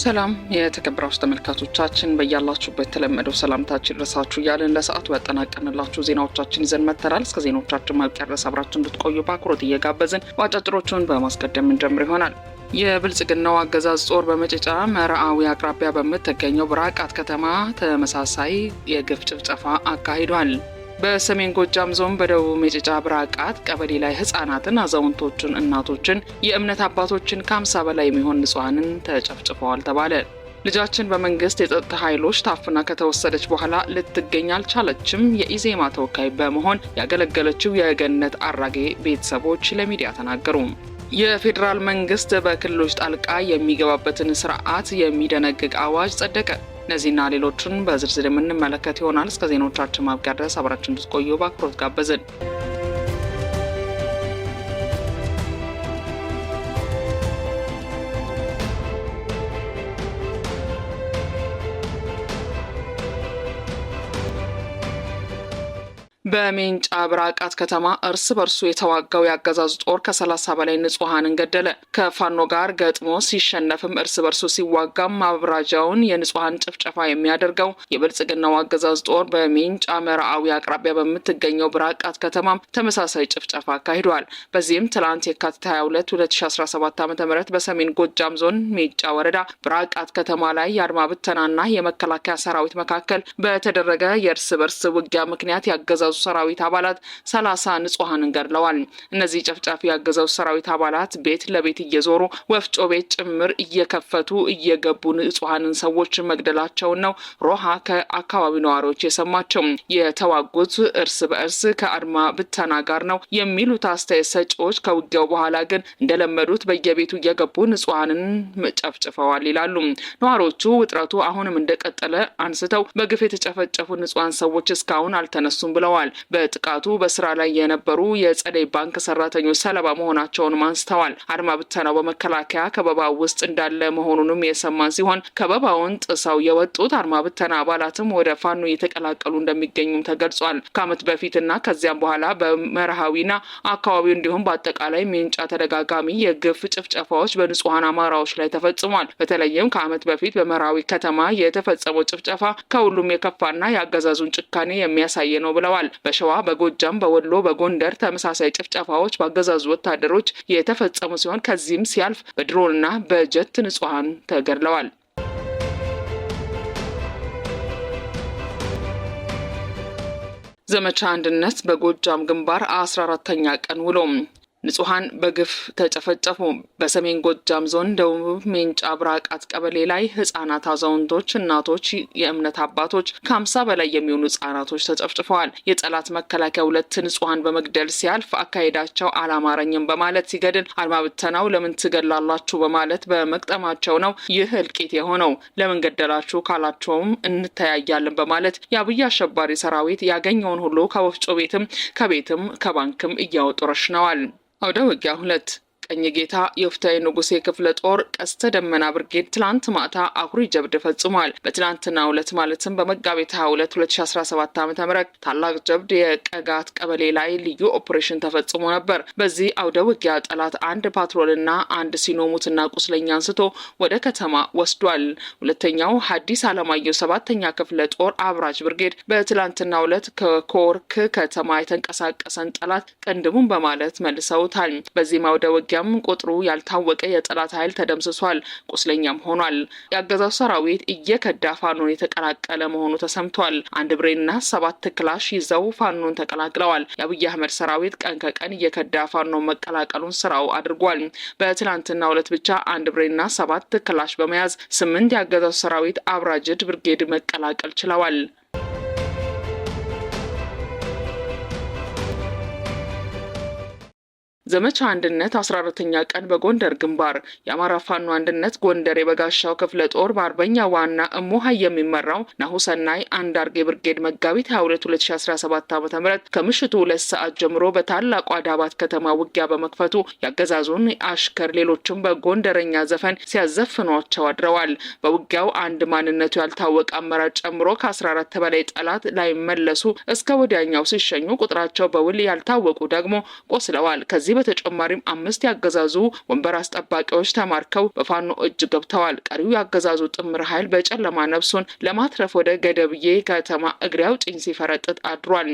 ሰላም የተከበራችሁ ተመልካቾቻችን በያላችሁበት የተለመደው ሰላምታችን ይድረሳችሁ እያለን ለሰዓቱ ያጠናቀንላችሁ ዜናዎቻችን ይዘን መጥተናል። እስከ ዜናዎቻችን ማብቂያ ድረስ አብራችሁ እንድትቆዩ በአክብሮት እየጋበዝን ዋጫጭሮቹን በማስቀደም እንጀምር ይሆናል። የብልጽግናው አገዛዝ ጦር በመጨጫ መርአዊ አቅራቢያ በምትገኘው ብራቃት ከተማ ተመሳሳይ የግፍ ጭፍጨፋ አካሂዷል። በሰሜን ጎጃም ዞን በደቡብ መጨጫ ብራቃት ቀበሌ ላይ ህጻናትን፣ አዛውንቶችን፣ እናቶችን፣ የእምነት አባቶችን ከአምሳ በላይ የሚሆን ንጹሐንን ተጨፍጭፈዋል ተባለ። ልጃችን በመንግስት የጸጥታ ኃይሎች ታፍና ከተወሰደች በኋላ ልትገኝ አልቻለችም። የኢዜማ ተወካይ በመሆን ያገለገለችው የገነት አራጌ ቤተሰቦች ለሚዲያ ተናገሩ። የፌዴራል መንግስት በክልሎች ጣልቃ የሚገባበትን ስርዓት የሚደነግግ አዋጅ ጸደቀ። እነዚህና ሌሎችን በዝርዝር የምንመለከት ይሆናል። እስከ ዜናዎቻችን ማብቂያ ድረስ አብራችን እንድትቆዩ በአክብሮት ጋበዝን። በሜንጫ ብራቃት ከተማ እርስ በርሱ የተዋጋው የአገዛዙ ጦር ከ30 በላይ ንጹሐንን ገደለ። ከፋኖ ጋር ገጥሞ ሲሸነፍም እርስ በርሱ ሲዋጋም ማብራጃውን የንጹሐን ጭፍጨፋ የሚያደርገው የብልጽግናው አገዛዙ ጦር በሜንጫ መርአዊ አቅራቢያ በምትገኘው ብራቃት ከተማም ተመሳሳይ ጭፍጨፋ አካሂደዋል። በዚህም ትላንት የካቲት 22 2017 ዓ ም በሰሜን ጎጃም ዞን ሜጫ ወረዳ ብራቃት ከተማ ላይ የአድማ ብተናና የመከላከያ ሰራዊት መካከል በተደረገ የእርስ በርስ ውጊያ ምክንያት ያገዛዙ ሰራዊት አባላት ሰላሳ ንጹሐንን ገድለዋል። እነዚህ ጨፍጫፊ ያገዘው ሰራዊት አባላት ቤት ለቤት እየዞሩ ወፍጮ ቤት ጭምር እየከፈቱ እየገቡ ንጹሐንን ሰዎች መግደላቸውን ነው ሮሃ ከአካባቢው ነዋሪዎች የሰማቸው። የተዋጉት እርስ በእርስ ከአድማ ብተና ጋር ነው የሚሉት አስተያየት ሰጪዎች ከውጊያው በኋላ ግን እንደለመዱት በየቤቱ እየገቡ ንጹሐንን ጨፍጭፈዋል ይላሉ። ነዋሪዎቹ ውጥረቱ አሁንም እንደቀጠለ አንስተው በግፍ የተጨፈጨፉ ንጹሐን ሰዎች እስካሁን አልተነሱም ብለዋል። በጥቃቱ በስራ ላይ የነበሩ የጸደይ ባንክ ሰራተኞች ሰለባ መሆናቸውን አንስተዋል። አድማ ብተናው በመከላከያ ከበባ ውስጥ እንዳለ መሆኑንም የሰማን ሲሆን ከበባውን ጥሰው የወጡት አድማ ብተና አባላትም ወደ ፋኖ እየተቀላቀሉ እንደሚገኙም ተገልጿል። ከዓመት በፊትና ከዚያም በኋላ በመርሃዊና አካባቢው እንዲሁም በአጠቃላይ ምንጫ ተደጋጋሚ የግፍ ጭፍጨፋዎች በንጹሐን አማራዎች ላይ ተፈጽሟል። በተለይም ከዓመት በፊት በመርሃዊ ከተማ የተፈጸመው ጭፍጨፋ ከሁሉም የከፋና የአገዛዙን ጭካኔ የሚያሳይ ነው ብለዋል። በሸዋ፣ በጎጃም፣ በወሎ፣ በጎንደር ተመሳሳይ ጭፍጨፋዎች በአገዛዙ ወታደሮች የተፈጸሙ ሲሆን ከዚህም ሲያልፍ በድሮንና በጀት ንጹሐን ተገድለዋል። ዘመቻ አንድነት በጎጃም ግንባር አስራ አራተኛ ቀን ውሎም። ንጹሐን በግፍ ተጨፈጨፉ። በሰሜን ጎጃም ዞን ደቡብ ሜንጫ ብራቃት ቀበሌ ላይ ህጻናት፣ አዛውንቶች፣ እናቶች፣ የእምነት አባቶች ከአምሳ በላይ የሚሆኑ ህጻናቶች ተጨፍጭፈዋል። የጠላት መከላከያ ሁለት ንጹሐን በመግደል ሲያልፍ አካሄዳቸው አላማረኝም በማለት ሲገድል አድማ ብተናው ለምን ትገላላችሁ በማለት በመቅጠማቸው ነው ይህ እልቂት የሆነው። ለምን ገደላችሁ ካላቸውም እንተያያለን በማለት የአብይ አሸባሪ ሰራዊት ያገኘውን ሁሉ ከወፍጮ ቤትም ከቤትም ከባንክም እያወጡ ረሽነዋል። አውደ ውጊያ ሁለት ቀኝ ጌታ የወፍታዊ ንጉሴ ክፍለ ጦር ቀስተ ደመና ብርጌድ ትላንት ማታ አኩሪ ጀብድ ፈጽሟል። በትላንትና ሁለት ማለትም በመጋቢት 22 2017 ዓ ም ታላቅ ጀብድ የቀጋት ቀበሌ ላይ ልዩ ኦፕሬሽን ተፈጽሞ ነበር። በዚህ አውደ ውጊያ ጠላት አንድ ፓትሮልና አንድ ሲኖሙትና ቁስለኛ አንስቶ ወደ ከተማ ወስዷል። ሁለተኛው ሀዲስ አለማየሁ ሰባተኛ ክፍለ ጦር አብራጅ ብርጌድ በትላንትና ሁለት ከኮርክ ከተማ የተንቀሳቀሰን ጠላት ቅንድሙን በማለት መልሰውታል። በዚህም አውደ ውጊያ በዚያም ቁጥሩ ያልታወቀ የጠላት ኃይል ተደምስሷል፣ ቁስለኛም ሆኗል። የአገዛዙ ሰራዊት እየከዳ ፋኖን የተቀላቀለ መሆኑ ተሰምቷል። አንድ ብሬንና ሰባት ክላሽ ይዘው ፋኖን ተቀላቅለዋል። የአብይ አህመድ ሰራዊት ቀን ከቀን እየከዳ ፋኖን መቀላቀሉን ስራው አድርጓል። በትናንትና ሁለት ብቻ አንድ ብሬንና ሰባት ክላሽ በመያዝ ስምንት የአገዛዙ ሰራዊት አብራጅድ ብርጌድ መቀላቀል ችለዋል። ዘመቻ አንድነት 14ኛ ቀን በጎንደር ግንባር የአማራ ፋኖ አንድነት ጎንደር የበጋሻው ክፍለ ጦር በአርበኛ ዋና እሙሃ የሚመራው ናሁሰናይ አንዳርጌ ብርጌድ መጋቢት 22 2017 ዓ ም ከምሽቱ ሁለት ሰዓት ጀምሮ በታላቁ አዳባት ከተማ ውጊያ በመክፈቱ ያገዛዙን አሽከር ሌሎችም በጎንደረኛ ዘፈን ሲያዘፍኗቸው አድረዋል። በውጊያው አንድ ማንነቱ ያልታወቀ አመራር ጨምሮ ከ14 በላይ ጠላት ላይመለሱ እስከ ወዲያኛው ሲሸኙ ቁጥራቸው በውል ያልታወቁ ደግሞ ቆስለዋል። ከዚህ በተጨማሪም አምስት ያገዛዙ ወንበር አስጠባቂዎች ተማርከው በፋኖ እጅ ገብተዋል። ቀሪው ያገዛዙ ጥምር ኃይል በጨለማ ነፍሱን ለማትረፍ ወደ ገደብዬ ከተማ እግሬ አውጭኝ ሲፈረጥጥ አድሯል።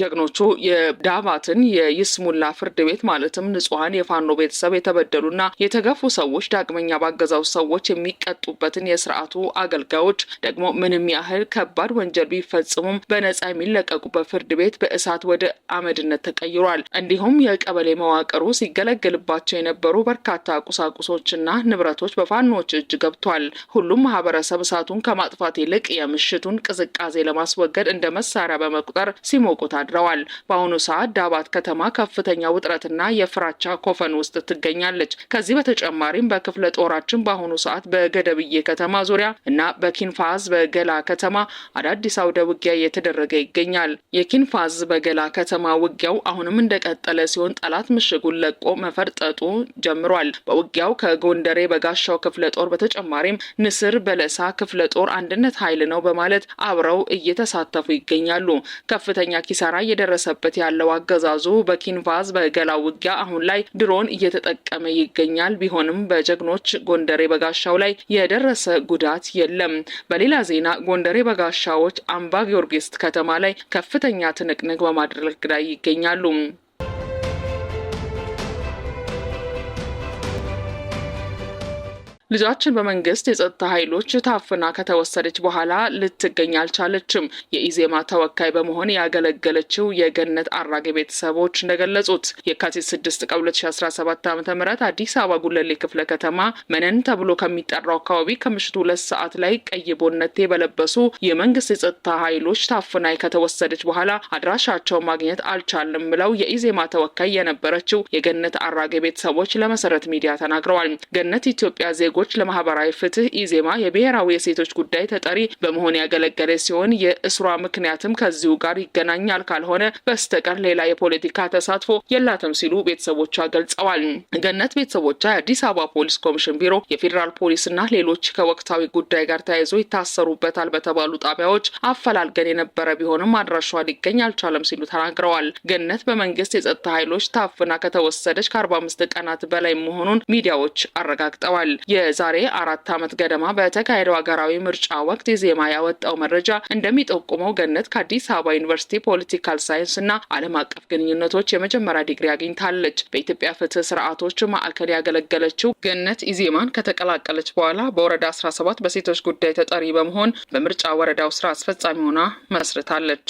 ጀግኖቹ የዳባትን የይስሙላ ፍርድ ቤት ማለትም ንጹሐን የፋኖ ቤተሰብ የተበደሉና የተገፉ ሰዎች ዳግመኛ ባገዛው ሰዎች የሚቀጡበትን የስርዓቱ አገልጋዮች ደግሞ ምንም ያህል ከባድ ወንጀል ቢፈጽሙም በነጻ የሚለቀቁበት ፍርድ ቤት በእሳት ወደ አመድነት ተቀይሯል። እንዲሁም የቀበሌ መዋቅሩ ሲገለገልባቸው የነበሩ በርካታ ቁሳቁሶችና ንብረቶች በፋኖዎች እጅ ገብቷል። ሁሉም ማህበረሰብ እሳቱን ከማጥፋት ይልቅ የምሽቱን ቅዝቃዜ ለማስወገድ እንደ መሳሪያ በመቁጠር ሲሞቁታል አድረዋል። በአሁኑ ሰዓት ዳባት ከተማ ከፍተኛ ውጥረትና የፍራቻ ኮፈን ውስጥ ትገኛለች። ከዚህ በተጨማሪም በክፍለ ጦራችን በአሁኑ ሰዓት በገደብዬ ከተማ ዙሪያ እና በኪንፋዝ በገላ ከተማ አዳዲስ አውደ ውጊያ እየተደረገ ይገኛል። የኪንፋዝ በገላ ከተማ ውጊያው አሁንም እንደቀጠለ ሲሆን ጠላት ምሽጉን ለቆ መፈርጠጡ ጀምሯል። በውጊያው ከጎንደሬ በጋሻው ክፍለ ጦር በተጨማሪም ንስር በለሳ ክፍለ ጦር አንድነት ኃይል ነው በማለት አብረው እየተሳተፉ ይገኛሉ። ከፍተኛ ኪሳራ እየደረሰበት ያለው አገዛዙ በኪንቫዝ በገላ ውጊያ አሁን ላይ ድሮን እየተጠቀመ ይገኛል። ቢሆንም በጀግኖች ጎንደሬ በጋሻው ላይ የደረሰ ጉዳት የለም። በሌላ ዜና ጎንደሬ በጋሻዎች አምባ ጊዮርጊስ ከተማ ላይ ከፍተኛ ትንቅንቅ በማድረግ ላይ ይገኛሉ። ልጃችን በመንግስት የጸጥታ ኃይሎች ታፍና ከተወሰደች በኋላ ልትገኝ አልቻለችም። የኢዜማ ተወካይ በመሆን ያገለገለችው የገነት አራጌ ቤተሰቦች እንደገለጹት የካቲት 6 ቀን 2017 ዓ ም አዲስ አበባ ጉለሌ ክፍለ ከተማ መነን ተብሎ ከሚጠራው አካባቢ ከምሽቱ ሁለት ሰዓት ላይ ቀይ ቦነቴ በለበሱ የመንግስት የጸጥታ ኃይሎች ታፍና ከተወሰደች በኋላ አድራሻቸው ማግኘት አልቻልም ብለው የኢዜማ ተወካይ የነበረችው የገነት አራጌ ቤተሰቦች ለመሰረት ሚዲያ ተናግረዋል። ገነት ኢትዮጵያ ዜጎ ዜጎች ለማህበራዊ ፍትህ ኢዜማ የብሔራዊ የሴቶች ጉዳይ ተጠሪ በመሆን ያገለገለ ሲሆን የእስሯ ምክንያትም ከዚሁ ጋር ይገናኛል ካልሆነ በስተቀር ሌላ የፖለቲካ ተሳትፎ የላትም ሲሉ ቤተሰቦቿ ገልጸዋል። ገነት ቤተሰቦቿ የአዲስ አበባ ፖሊስ ኮሚሽን ቢሮ፣ የፌዴራል ፖሊስና ሌሎች ከወቅታዊ ጉዳይ ጋር ተያይዞ ይታሰሩበታል በተባሉ ጣቢያዎች አፈላልገን የነበረ ቢሆንም አድራሿ ሊገኝ አልቻለም ሲሉ ተናግረዋል። ገነት በመንግስት የጸጥታ ኃይሎች ታፍና ከተወሰደች ከ አምስት ቀናት በላይ መሆኑን ሚዲያዎች አረጋግጠዋል። ከዛሬ አራት ዓመት ገደማ በተካሄደው ሀገራዊ ምርጫ ወቅት የዜማ ያወጣው መረጃ እንደሚጠቁመው ገነት ከአዲስ አበባ ዩኒቨርሲቲ ፖለቲካል ሳይንስ እና ዓለም አቀፍ ግንኙነቶች የመጀመሪያ ዲግሪ አግኝታለች። በኢትዮጵያ ፍትህ ስርዓቶች ማዕከል ያገለገለችው ገነት ኢዜማን ከተቀላቀለች በኋላ በወረዳ 17 በሴቶች ጉዳይ ተጠሪ በመሆን በምርጫ ወረዳው ስራ አስፈጻሚ ሆና መስርታለች።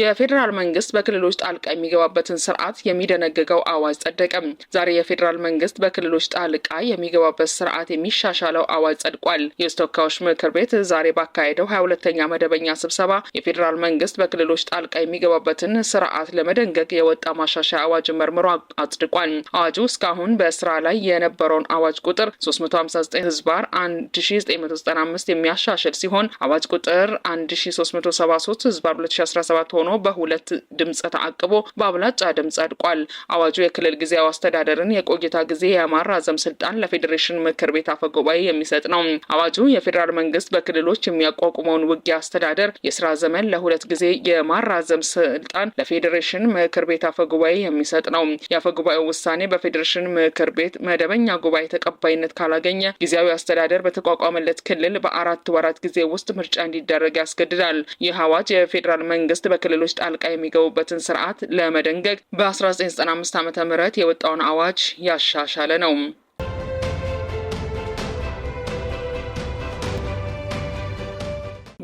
የፌዴራል መንግስት በክልሎች ጣልቃ የሚገባበትን ስርዓት የሚደነግገው አዋጅ ጸደቀም። ዛሬ የፌዴራል መንግስት በክልሎች ጣልቃ የሚገባበት ስርዓት የሚሻሻለው አዋጅ ጸድቋል። የሕዝብ ተወካዮች ምክር ቤት ዛሬ ባካሄደው ሀያ ሁለተኛ መደበኛ ስብሰባ የፌዴራል መንግስት በክልሎች ጣልቃ የሚገባበትን ስርዓት ለመደንገግ የወጣ ማሻሻያ አዋጅን መርምሮ አጽድቋል። አዋጁ እስካሁን በስራ ላይ የነበረውን አዋጅ ቁጥር 359 ህዝባር 1995 የሚያሻሽል ሲሆን አዋጅ ቁጥር 1373 ህዝባር 2017 ሆኖ በሁለት ድምፅ ተአቅቦ በአብላጫ ድምፅ አድቋል። አዋጁ የክልል ጊዜያዊ አስተዳደርን የቆይታ ጊዜ የማራዘም ስልጣን ለፌዴሬሽን ምክር ቤት አፈ ጉባኤ የሚሰጥ ነው። አዋጁ የፌዴራል መንግስት በክልሎች የሚያቋቁመውን ውጊያ አስተዳደር የስራ ዘመን ለሁለት ጊዜ የማራዘም ስልጣን ለፌዴሬሽን ምክር ቤት አፈ ጉባኤ የሚሰጥ ነው። የአፈ ጉባኤው ውሳኔ በፌዴሬሽን ምክር ቤት መደበኛ ጉባኤ ተቀባይነት ካላገኘ ጊዜያዊ አስተዳደር በተቋቋመለት ክልል በአራት ወራት ጊዜ ውስጥ ምርጫ እንዲደረግ ያስገድዳል። ይህ አዋጅ የፌዴራል መንግስት በክልል ክልሎች ጣልቃ የሚገቡበትን ስርዓት ለመደንገግ በ1995 ዓ ም የወጣውን አዋጅ ያሻሻለ ነው።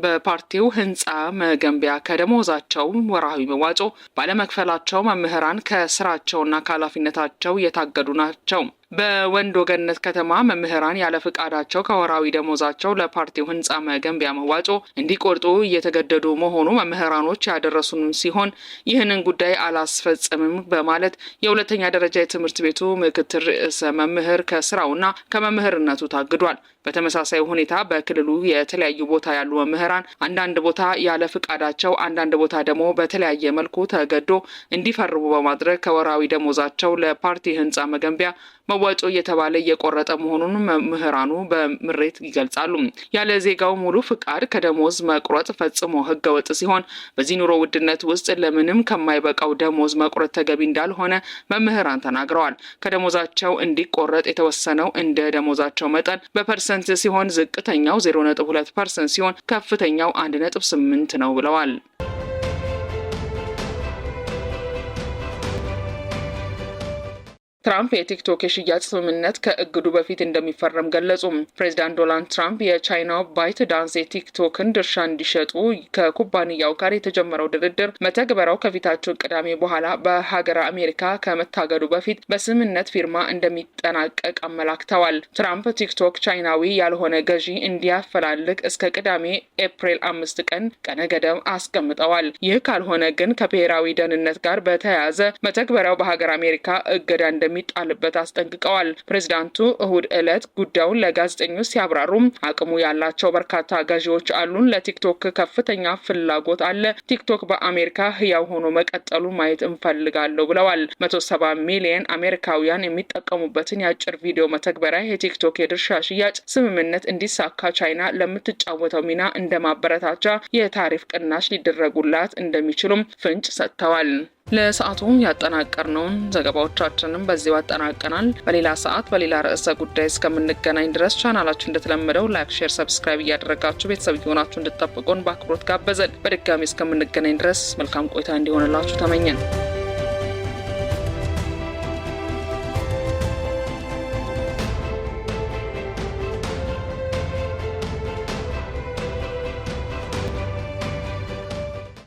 በፓርቲው ህንፃ መገንቢያ ከደሞዛቸው ወርሃዊ መዋጮ ባለመክፈላቸው መምህራን ከስራቸውና ከኃላፊነታቸው እየታገዱ ናቸው። በወንዶ ገነት ከተማ መምህራን ያለ ፍቃዳቸው ከወራዊ ደሞዛቸው ለፓርቲው ህንፃ መገንቢያ መዋጮ እንዲቆርጡ እየተገደዱ መሆኑ መምህራኖች ያደረሱን ሲሆን ይህንን ጉዳይ አላስፈጽምም በማለት የሁለተኛ ደረጃ የትምህርት ቤቱ ምክትል ርዕሰ መምህር ከስራውና ከመምህርነቱ ታግዷል። በተመሳሳይ ሁኔታ በክልሉ የተለያዩ ቦታ ያሉ መምህራን አንዳንድ ቦታ ያለ ፍቃዳቸው፣ አንዳንድ ቦታ ደግሞ በተለያየ መልኩ ተገዶ እንዲፈርሙ በማድረግ ከወራዊ ደሞዛቸው ለፓርቲ ህንፃ መገንቢያ መዋጮ እየተባለ እየቆረጠ መሆኑን መምህራኑ በምሬት ይገልጻሉ። ያለ ዜጋው ሙሉ ፍቃድ ከደሞዝ መቁረጥ ፈጽሞ ህገወጥ ሲሆን በዚህ ኑሮ ውድነት ውስጥ ለምንም ከማይበቃው ደሞዝ መቁረጥ ተገቢ እንዳልሆነ መምህራን ተናግረዋል። ከደሞዛቸው እንዲቆረጥ የተወሰነው እንደ ደሞዛቸው መጠን በፐርሰንት ሲሆን ዝቅተኛው 0.2 ፐርሰንት ሲሆን ከፍተኛው 1.8 ነው ብለዋል። ትራምፕ የቲክቶክ የሽያጭ ስምምነት ከእግዱ በፊት እንደሚፈረም ገለጹ። ፕሬዚዳንት ዶናልድ ትራምፕ የቻይናው ባይት ዳንስ የቲክቶክን ድርሻ እንዲሸጡ ከኩባንያው ጋር የተጀመረው ድርድር መተግበሪያው ከፊታቸው ቅዳሜ በኋላ በሀገረ አሜሪካ ከመታገዱ በፊት በስምምነት ፊርማ እንደሚጠናቀቅ አመላክተዋል። ትራምፕ ቲክቶክ ቻይናዊ ያልሆነ ገዢ እንዲያፈላልግ እስከ ቅዳሜ ኤፕሪል አምስት ቀን ቀነ ገደብ አስቀምጠዋል። ይህ ካልሆነ ግን ከብሔራዊ ደህንነት ጋር በተያያዘ መተግበሪያው በሀገር አሜሪካ እገዳ እንደሚ እንደሚጣልበት አስጠንቅቀዋል። ፕሬዚዳንቱ እሁድ ዕለት ጉዳዩን ለጋዜጠኞች ሲያብራሩም አቅሙ ያላቸው በርካታ ገዢዎች አሉን። ለቲክቶክ ከፍተኛ ፍላጎት አለ። ቲክቶክ በአሜሪካ ህያው ሆኖ መቀጠሉ ማየት እንፈልጋለሁ ብለዋል። መቶ ሰባ ሚሊየን አሜሪካውያን የሚጠቀሙበትን የአጭር ቪዲዮ መተግበሪያ የቲክቶክ የድርሻ ሽያጭ ስምምነት እንዲሳካ ቻይና ለምትጫወተው ሚና እንደ ማበረታቻ የታሪፍ ቅናሽ ሊደረጉላት እንደሚችሉም ፍንጭ ሰጥተዋል። ለሰዓቱ ያጠናቀርነውን ዘገባዎቻችንም በዚሁ አጠናቀናል። በሌላ ሰዓት በሌላ ርዕሰ ጉዳይ እስከምንገናኝ ድረስ ቻናላችሁ እንደተለመደው ላይክ፣ ሼር፣ ሰብስክራይብ እያደረጋችሁ ቤተሰብ እየሆናችሁ እንድጠብቁን በአክብሮት ጋበዘን። በድጋሚ እስከምንገናኝ ድረስ መልካም ቆይታ እንዲሆንላችሁ ተመኘን።